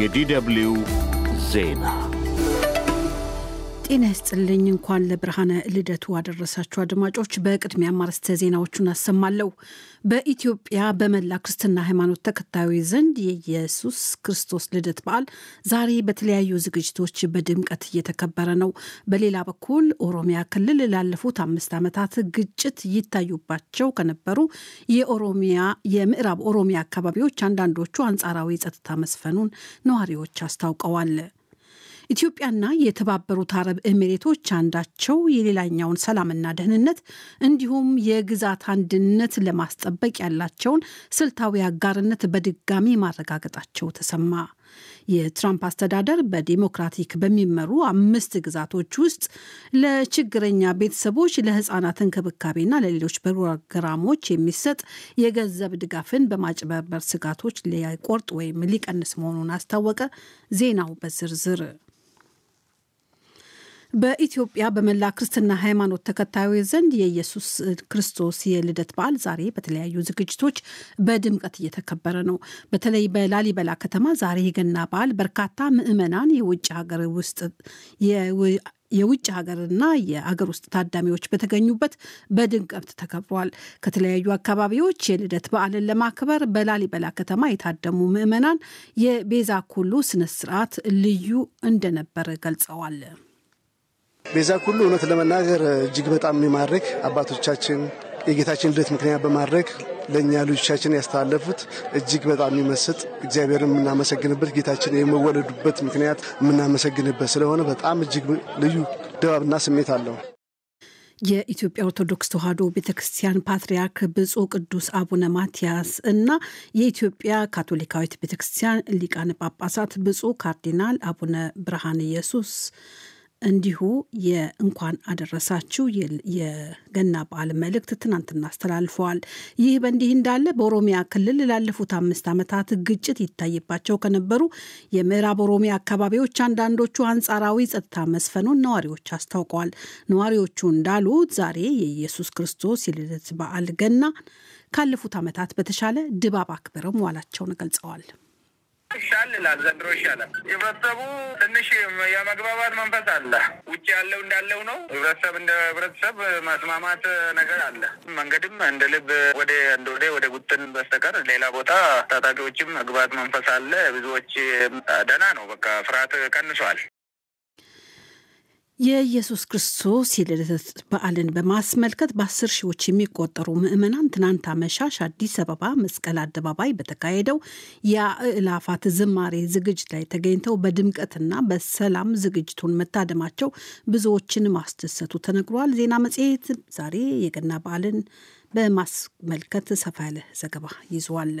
የዲደብልዩ ዜና ጤና ይስጥልኝ። እንኳን ለብርሃነ ልደቱ አደረሳችሁ አድማጮች። በቅድሚያ ማርስተ ዜናዎቹን አሰማለሁ። በኢትዮጵያ በመላ ክርስትና ሃይማኖት ተከታዮች ዘንድ የኢየሱስ ክርስቶስ ልደት በዓል ዛሬ በተለያዩ ዝግጅቶች በድምቀት እየተከበረ ነው። በሌላ በኩል ኦሮሚያ ክልል ላለፉት አምስት ዓመታት ግጭት ይታዩባቸው ከነበሩ የኦሮሚያ የምዕራብ ኦሮሚያ አካባቢዎች አንዳንዶቹ አንጻራዊ ጸጥታ መስፈኑን ነዋሪዎች አስታውቀዋል። ኢትዮጵያና የተባበሩት አረብ ኤሚሬቶች አንዳቸው የሌላኛውን ሰላምና ደህንነት እንዲሁም የግዛት አንድነት ለማስጠበቅ ያላቸውን ስልታዊ አጋርነት በድጋሚ ማረጋገጣቸው ተሰማ። የትራምፕ አስተዳደር በዲሞክራቲክ በሚመሩ አምስት ግዛቶች ውስጥ ለችግረኛ ቤተሰቦች ለህጻናት እንክብካቤና ለሌሎች ፕሮግራሞች የሚሰጥ የገንዘብ ድጋፍን በማጭበርበር ስጋቶች ሊቆርጥ ወይም ሊቀንስ መሆኑን አስታወቀ። ዜናው በዝርዝር በኢትዮጵያ በመላ ክርስትና ሃይማኖት ተከታዮች ዘንድ የኢየሱስ ክርስቶስ የልደት በዓል ዛሬ በተለያዩ ዝግጅቶች በድምቀት እየተከበረ ነው። በተለይ በላሊበላ ከተማ ዛሬ የገና በዓል በርካታ ምዕመናን የውጭ ሀገር ውስጥ የውጭ ሀገርና የአገር ውስጥ ታዳሚዎች በተገኙበት በድምቀት ተከብሯል። ከተለያዩ አካባቢዎች የልደት በዓልን ለማክበር በላሊበላ ከተማ የታደሙ ምዕመናን የቤዛ ኩሉ ስነስርዓት ልዩ እንደነበረ ገልጸዋል። ቤዛ ኩሉ እውነት ለመናገር እጅግ በጣም የሚማርክ አባቶቻችን የጌታችን ልደት ምክንያት በማድረግ ለእኛ ልጆቻችን ያስተላለፉት እጅግ በጣም የሚመስጥ እግዚአብሔርን የምናመሰግንበት ጌታችን የመወለዱበት ምክንያት የምናመሰግንበት ስለሆነ በጣም እጅግ ልዩ ድባብና ስሜት አለው። የኢትዮጵያ ኦርቶዶክስ ተዋሕዶ ቤተ ክርስቲያን ፓትርያርክ ብፁዕ ቅዱስ አቡነ ማትያስ እና የኢትዮጵያ ካቶሊካዊት ቤተ ክርስቲያን ሊቃነ ጳጳሳት ብፁዕ ካርዲናል አቡነ ብርሃነ ኢየሱስ እንዲሁ የእንኳን አደረሳችሁ የገና በዓል መልእክት ትናንትና አስተላልፈዋል። ይህ በእንዲህ እንዳለ በኦሮሚያ ክልል ላለፉት አምስት ዓመታት ግጭት ይታይባቸው ከነበሩ የምዕራብ ኦሮሚያ አካባቢዎች አንዳንዶቹ አንጻራዊ ጸጥታ መስፈኑን ነዋሪዎች አስታውቀዋል። ነዋሪዎቹ እንዳሉት ዛሬ የኢየሱስ ክርስቶስ የልደት በዓል ገና ካለፉት ዓመታት በተሻለ ድባብ አክብረው መዋላቸውን ገልጸዋል። ይሻል ይላል። ዘንድሮ ይሻላል። ህብረተሰቡ ትንሽ የመግባባት መንፈስ አለ። ውጭ ያለው እንዳለው ነው። ህብረተሰብ እንደ ህብረተሰብ መስማማት ነገር አለ። መንገድም እንደ ልብ ወደ እንደ ወደ ወደ ጉትን በስተቀር ሌላ ቦታ ታጣቂዎችም መግባት መንፈስ አለ። ብዙዎች ደህና ነው። በቃ ፍርሃት ቀንሷል። የኢየሱስ ክርስቶስ የልደት በዓልን በማስመልከት በአስር ሺዎች የሚቆጠሩ ምዕመናን ትናንት አመሻሽ አዲስ አበባ መስቀል አደባባይ በተካሄደው የአእላፋት ዝማሬ ዝግጅት ላይ ተገኝተው በድምቀትና በሰላም ዝግጅቱን መታደማቸው ብዙዎችን ማስደሰቱ ተነግሯል። ዜና መጽሔት ዛሬ የገና በዓልን በማስመልከት ሰፋ ያለ ዘገባ ይዟል።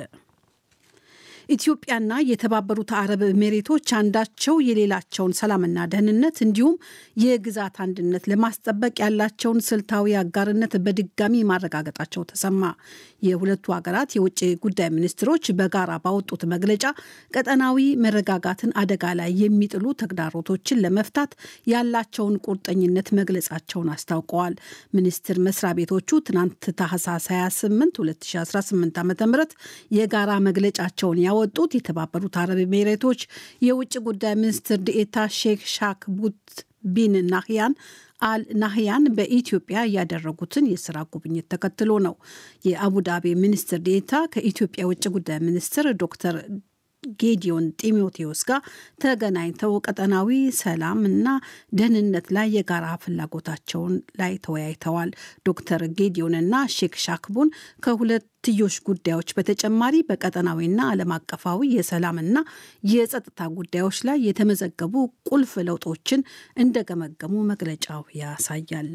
ኢትዮጵያና የተባበሩት አረብ ኤሚሬቶች አንዳቸው የሌላቸውን ሰላምና ደህንነት እንዲሁም የግዛት አንድነት ለማስጠበቅ ያላቸውን ስልታዊ አጋርነት በድጋሚ ማረጋገጣቸው ተሰማ። የሁለቱ ሀገራት የውጭ ጉዳይ ሚኒስትሮች በጋራ ባወጡት መግለጫ ቀጠናዊ መረጋጋትን አደጋ ላይ የሚጥሉ ተግዳሮቶችን ለመፍታት ያላቸውን ቁርጠኝነት መግለጻቸውን አስታውቀዋል። ሚኒስቴር መስሪያ ቤቶቹ ትናንት ታህሳስ 28 2018 ዓ ም የጋራ መግለጫቸውን ያወጡት የተባበሩት አረብ ኤሚሬቶች የውጭ ጉዳይ ሚኒስትር ዲኤታ ሼክ ሻክ ቡት ቢን ናህያን አል ናህያን በኢትዮጵያ ያደረጉትን የስራ ጉብኝት ተከትሎ ነው። የአቡዳቢ ሚኒስትር ዴታ ከኢትዮጵያ ውጭ ጉዳይ ሚኒስትር ዶክተር ጌዲዮን ጢሞቴዎስ ጋር ተገናኝተው ቀጠናዊ ሰላም እና ደህንነት ላይ የጋራ ፍላጎታቸውን ላይ ተወያይተዋል። ዶክተር ጌዲዮንና ሼክ ሻክቡን ከሁለት ትዮሽ ጉዳዮች በተጨማሪ በቀጠናዊና ዓለም አቀፋዊ የሰላምና የጸጥታ ጉዳዮች ላይ የተመዘገቡ ቁልፍ ለውጦችን እንደገመገሙ መግለጫው ያሳያል።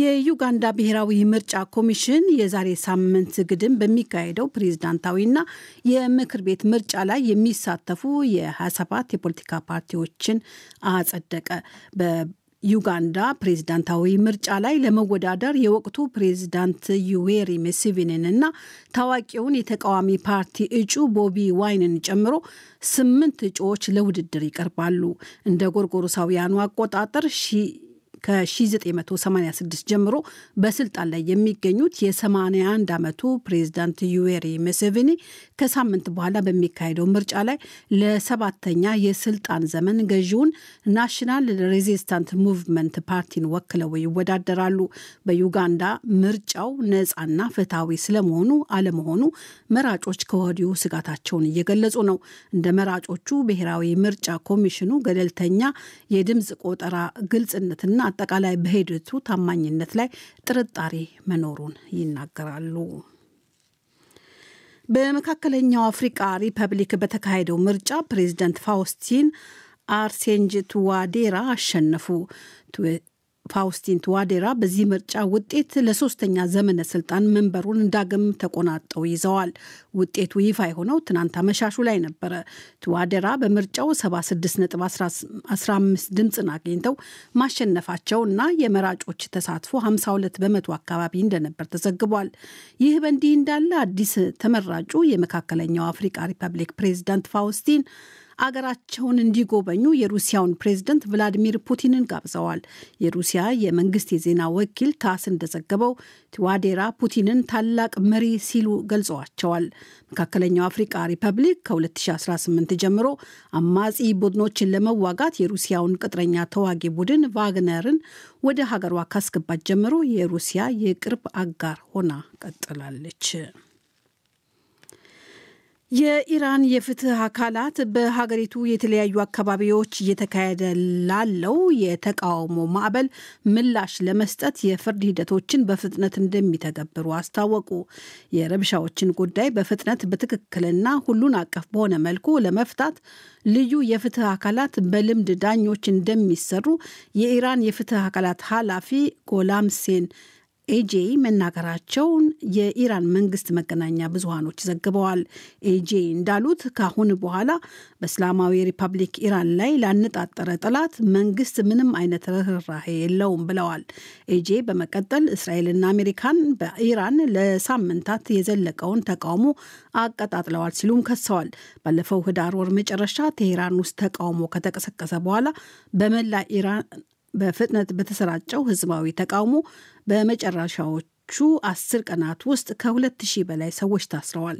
የዩጋንዳ ብሔራዊ ምርጫ ኮሚሽን የዛሬ ሳምንት ግድም በሚካሄደው ፕሬዝዳንታዊና የምክር ቤት ምርጫ ላይ የሚሳተፉ የ27 የፖለቲካ ፓርቲዎችን አጸደቀ። ዩጋንዳ ፕሬዝዳንታዊ ምርጫ ላይ ለመወዳደር የወቅቱ ፕሬዝዳንት ዩዌሪ ሙሴቬኒን እና ታዋቂውን የተቃዋሚ ፓርቲ እጩ ቦቢ ዋይንን ጨምሮ ስምንት እጩዎች ለውድድር ይቀርባሉ። እንደ ጎርጎሮሳውያኑ አቆጣጠር ከ1986 ጀምሮ በስልጣን ላይ የሚገኙት የ81 ዓመቱ ፕሬዚዳንት ዩዌሪ ሙሴቬኒ ከሳምንት በኋላ በሚካሄደው ምርጫ ላይ ለሰባተኛ የስልጣን ዘመን ገዢውን ናሽናል ሬዚስታንት ሙቭመንት ፓርቲን ወክለው ይወዳደራሉ። በዩጋንዳ ምርጫው ነፃና ፍትሐዊ ስለመሆኑ አለመሆኑ መራጮች ከወዲሁ ስጋታቸውን እየገለጹ ነው። እንደ መራጮቹ ብሔራዊ ምርጫ ኮሚሽኑ ገለልተኛ የድምፅ ቆጠራ ግልጽነትና አጠቃላይ በሂደቱ ታማኝነት ላይ ጥርጣሬ መኖሩን ይናገራሉ። በመካከለኛው አፍሪቃ ሪፐብሊክ በተካሄደው ምርጫ ፕሬዚደንት ፋውስቲን አርሴንጅ ቱዋዴራ አሸነፉ። ፋውስቲን ትዋዴራ በዚህ ምርጫ ውጤት ለሶስተኛ ዘመነ ስልጣን መንበሩን ዳግም ተቆናጠው ይዘዋል። ውጤቱ ይፋ የሆነው ትናንት አመሻሹ ላይ ነበረ። ትዋዴራ በምርጫው 76.15 ድምፅን አግኝተው ማሸነፋቸው እና የመራጮች ተሳትፎ 52 በመቶ አካባቢ እንደነበር ተዘግቧል። ይህ በእንዲህ እንዳለ አዲስ ተመራጩ የመካከለኛው አፍሪካ ሪፐብሊክ ፕሬዚዳንት ፋውስቲን አገራቸውን እንዲጎበኙ የሩሲያውን ፕሬዝደንት ቭላዲሚር ፑቲንን ጋብዘዋል። የሩሲያ የመንግስት የዜና ወኪል ታስ እንደዘገበው ቲዋዴራ ፑቲንን ታላቅ መሪ ሲሉ ገልጸዋቸዋል። መካከለኛው አፍሪቃ ሪፐብሊክ ከ2018 ጀምሮ አማጺ ቡድኖችን ለመዋጋት የሩሲያውን ቅጥረኛ ተዋጊ ቡድን ቫግነርን ወደ ሀገሯ ካስገባች ጀምሮ የሩሲያ የቅርብ አጋር ሆና ቀጥላለች። የኢራን የፍትህ አካላት በሀገሪቱ የተለያዩ አካባቢዎች እየተካሄደ ላለው የተቃውሞ ማዕበል ምላሽ ለመስጠት የፍርድ ሂደቶችን በፍጥነት እንደሚተገብሩ አስታወቁ። የረብሻዎችን ጉዳይ በፍጥነት በትክክልና ሁሉን አቀፍ በሆነ መልኩ ለመፍታት ልዩ የፍትህ አካላት በልምድ ዳኞች እንደሚሰሩ የኢራን የፍትህ አካላት ኃላፊ ጎላም ሴን ኤጄ መናገራቸውን የኢራን መንግስት መገናኛ ብዙሃኖች ዘግበዋል። ኤጄ እንዳሉት ካሁን በኋላ በእስላማዊ ሪፐብሊክ ኢራን ላይ ላነጣጠረ ጠላት መንግስት ምንም አይነት ርኅራሄ የለውም ብለዋል። ኤጄ በመቀጠል እስራኤልና አሜሪካን በኢራን ለሳምንታት የዘለቀውን ተቃውሞ አቀጣጥለዋል ሲሉም ከሰዋል። ባለፈው ህዳር ወር መጨረሻ ቴሄራን ውስጥ ተቃውሞ ከተቀሰቀሰ በኋላ በመላ ኢራን በፍጥነት በተሰራጨው ህዝባዊ ተቃውሞ በመጨረሻዎች በመጪዎቹ አስር ቀናት ውስጥ ከሁለት ሺህ በላይ ሰዎች ታስረዋል።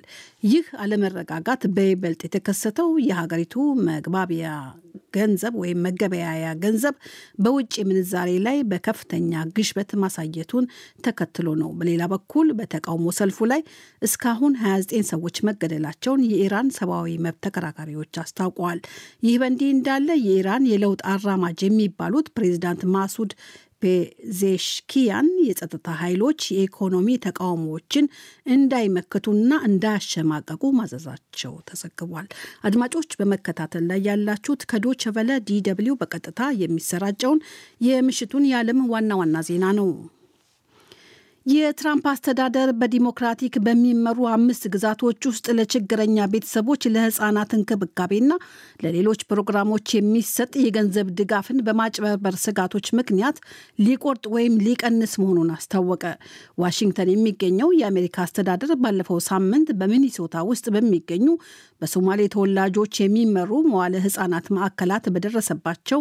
ይህ አለመረጋጋት በይበልጥ የተከሰተው የሀገሪቱ መግባቢያ ገንዘብ ወይም መገበያያ ገንዘብ በውጭ ምንዛሬ ላይ በከፍተኛ ግሽበት ማሳየቱን ተከትሎ ነው። በሌላ በኩል በተቃውሞ ሰልፉ ላይ እስካሁን 29 ሰዎች መገደላቸውን የኢራን ሰብአዊ መብት ተከራካሪዎች አስታውቀዋል። ይህ በእንዲህ እንዳለ የኢራን የለውጥ አራማጅ የሚባሉት ፕሬዚዳንት ማሱድ ፔዜሽኪያን የጸጥታ ኃይሎች የኢኮኖሚ ተቃውሞዎችን እንዳይመክቱና እንዳያሸማቀቁ ማዘዛቸው ተዘግቧል። አድማጮች በመከታተል ላይ ያላችሁት ከዶቸ ቨለ ዲ በቀጥታ የሚሰራጨውን የምሽቱን የዓለም ዋና ዋና ዜና ነው። የትራምፕ አስተዳደር በዲሞክራቲክ በሚመሩ አምስት ግዛቶች ውስጥ ለችግረኛ ቤተሰቦች ለህፃናት እንክብካቤና ለሌሎች ፕሮግራሞች የሚሰጥ የገንዘብ ድጋፍን በማጭበርበር ስጋቶች ምክንያት ሊቆርጥ ወይም ሊቀንስ መሆኑን አስታወቀ። ዋሽንግተን የሚገኘው የአሜሪካ አስተዳደር ባለፈው ሳምንት በሚኒሶታ ውስጥ በሚገኙ በሶማሌ ተወላጆች የሚመሩ መዋለ ህጻናት ማዕከላት በደረሰባቸው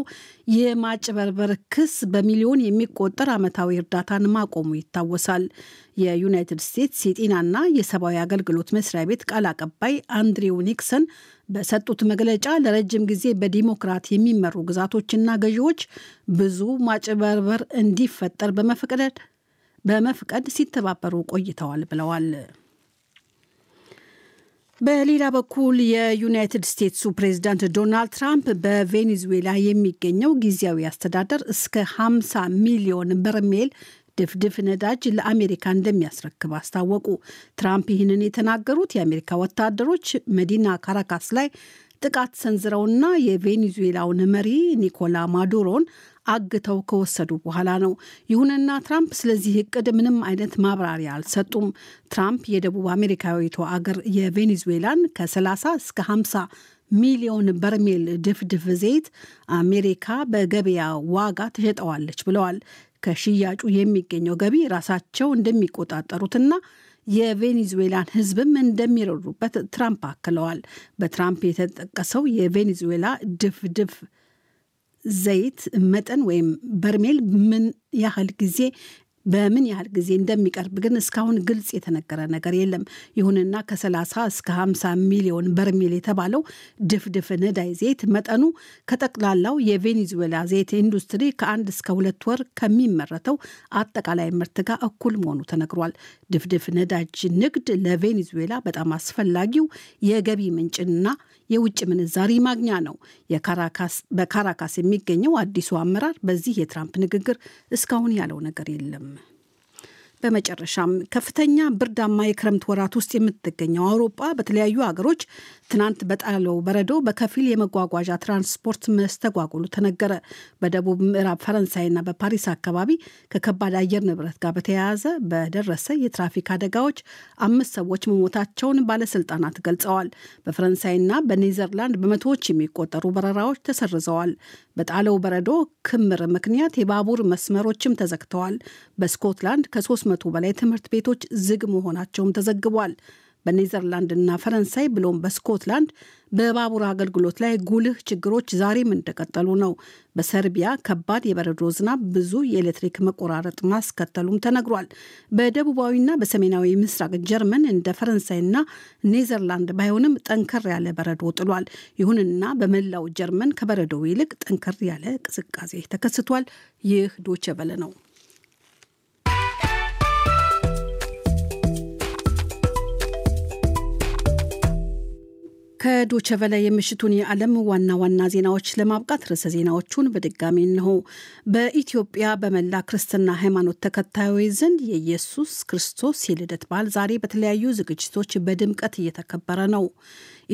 የማጭበርበር ክስ በሚሊዮን የሚቆጠር ዓመታዊ እርዳታን ማቆሙ ይታወሳል። ገልጸዋል። የዩናይትድ ስቴትስ የጤናና የሰብአዊ አገልግሎት መስሪያ ቤት ቃል አቀባይ አንድሪው ኒክሰን በሰጡት መግለጫ ለረጅም ጊዜ በዲሞክራት የሚመሩ ግዛቶችና ገዢዎች ብዙ ማጭበርበር እንዲፈጠር በመፍቀድ በመፍቀድ ሲተባበሩ ቆይተዋል ብለዋል። በሌላ በኩል የዩናይትድ ስቴትሱ ፕሬዚዳንት ዶናልድ ትራምፕ በቬኔዙዌላ የሚገኘው ጊዜያዊ አስተዳደር እስከ 50 ሚሊዮን በርሜል ድፍድፍ ነዳጅ ለአሜሪካ እንደሚያስረክብ አስታወቁ። ትራምፕ ይህንን የተናገሩት የአሜሪካ ወታደሮች መዲና ካራካስ ላይ ጥቃት ሰንዝረውና የቬኔዙዌላውን መሪ ኒኮላ ማዱሮን አግተው ከወሰዱ በኋላ ነው። ይሁንና ትራምፕ ስለዚህ እቅድ ምንም አይነት ማብራሪያ አልሰጡም። ትራምፕ የደቡብ አሜሪካዊቱ አገር የቬኔዙዌላን ከ30 እስከ 50 ሚሊዮን በርሜል ድፍድፍ ዘይት አሜሪካ በገበያ ዋጋ ትሸጠዋለች ብለዋል። ከሽያጩ የሚገኘው ገቢ ራሳቸው እንደሚቆጣጠሩትና የቬኔዙዌላን ህዝብም እንደሚረዱበት ትራምፕ አክለዋል። በትራምፕ የተጠቀሰው የቬኔዙዌላ ድፍድፍ ዘይት መጠን ወይም በርሜል ምን ያህል ጊዜ በምን ያህል ጊዜ እንደሚቀርብ ግን እስካሁን ግልጽ የተነገረ ነገር የለም። ይሁንና ከ30 እስከ 50 ሚሊዮን በርሜል የተባለው ድፍድፍ ነዳይ ዘይት መጠኑ ከጠቅላላው የቬኔዙዌላ ዘይት ኢንዱስትሪ ከአንድ እስከ ሁለት ወር ከሚመረተው አጠቃላይ ምርት ጋር እኩል መሆኑ ተነግሯል። ድፍድፍ ነዳጅ ንግድ ለቬኔዙዌላ በጣም አስፈላጊው የገቢ ምንጭና የውጭ ምንዛሪ ማግኛ ነው። በካራካስ የሚገኘው አዲሱ አመራር በዚህ የትራምፕ ንግግር እስካሁን ያለው ነገር የለም። በመጨረሻም ከፍተኛ ብርዳማ የክረምት ወራት ውስጥ የምትገኘው አውሮጳ በተለያዩ አገሮች ትናንት በጣለው በረዶ በከፊል የመጓጓዣ ትራንስፖርት መስተጓጎሉ ተነገረ። በደቡብ ምዕራብ ፈረንሳይና በፓሪስ አካባቢ ከከባድ አየር ንብረት ጋር በተያያዘ በደረሰ የትራፊክ አደጋዎች አምስት ሰዎች መሞታቸውን ባለስልጣናት ገልጸዋል። በፈረንሳይና በኔዘርላንድ በመቶዎች የሚቆጠሩ በረራዎች ተሰርዘዋል። በጣለው በረዶ ክምር ምክንያት የባቡር መስመሮችም ተዘግተዋል። በስኮትላንድ ከሶስት መቶ በላይ ትምህርት ቤቶች ዝግ መሆናቸውም ተዘግቧል። እና ፈረንሳይ ብሎም በስኮትላንድ በባቡር አገልግሎት ላይ ጉልህ ችግሮች ዛሬም እንደቀጠሉ ነው። በሰርቢያ ከባድ የበረዶ ዝናብ ብዙ የኤሌክትሪክ መቆራረጥ ማስከተሉም ተነግሯል። በደቡባዊና በሰሜናዊ ምስራቅ ጀርመን እንደ ፈረንሳይና ኔዘርላንድ ባይሆንም ጠንከር ያለ በረዶ ጥሏል። ይሁንና በመላው ጀርመን ከበረዶው ይልቅ ጠንከር ያለ ቅዝቃዜ ተከስቷል። ይህ ዶቸበለ በለ ነው። ከዶቸቨለ የምሽቱን የዓለም ዋና ዋና ዜናዎች ለማብቃት ርዕሰ ዜናዎቹን በድጋሚ እንሆ። በኢትዮጵያ በመላ ክርስትና ሃይማኖት ተከታዮች ዘንድ የኢየሱስ ክርስቶስ የልደት በዓል ዛሬ በተለያዩ ዝግጅቶች በድምቀት እየተከበረ ነው።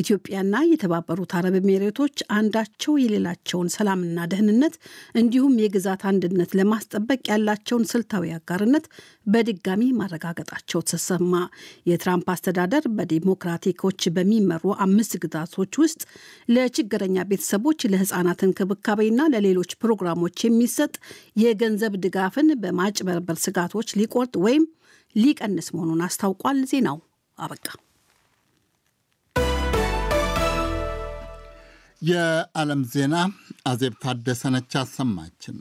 ኢትዮጵያና የተባበሩት አረብ ኤሚሬቶች አንዳቸው የሌላቸውን ሰላምና ደህንነት እንዲሁም የግዛት አንድነት ለማስጠበቅ ያላቸውን ስልታዊ አጋርነት በድጋሚ ማረጋገጣቸው ተሰማ። የትራምፕ አስተዳደር በዲሞክራቲኮች በሚመሩ አምስት ግዛቶች ውስጥ ለችግረኛ ቤተሰቦች ለህፃናት እንክብካቤና ለሌሎች ፕሮግራሞች የሚሰጥ የገንዘብ ድጋፍን በማጭበርበር ስጋቶች ሊቆርጥ ወይም ሊቀንስ መሆኑን አስታውቋል። ዜናው አበቃ። የዓለም ዜና አዜብ ታደሰነች አሰማችን።